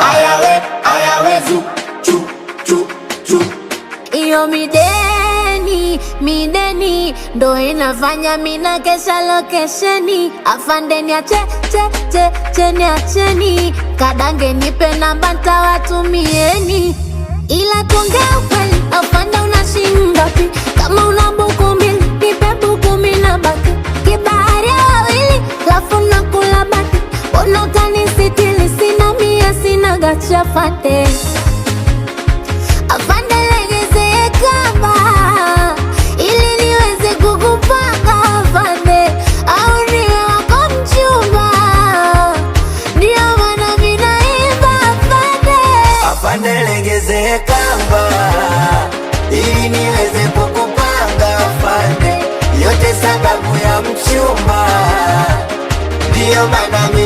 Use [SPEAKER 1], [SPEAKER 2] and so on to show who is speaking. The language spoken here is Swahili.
[SPEAKER 1] ayawe ayawe chu chu chu.
[SPEAKER 2] Iyo mideni mideni ndo inafanya mina kesha lokesheni. Afandeni ache che che cheni acheni, kadange nipe namba ntawatumieni, ila tuongea ukweli. Afanda unashingapi? kama una buku mbili nipe buku mina baki, kibahari ya wawili lafu na kula baki chapate afande, legezee kamba ili niweze kukupanga afande, au ndio wako mchumba, ndio maana vinaimba afande.
[SPEAKER 1] Afande, legezee kamba ili niweze kukupanga afande, yote sababu ya mchumba, ndio maana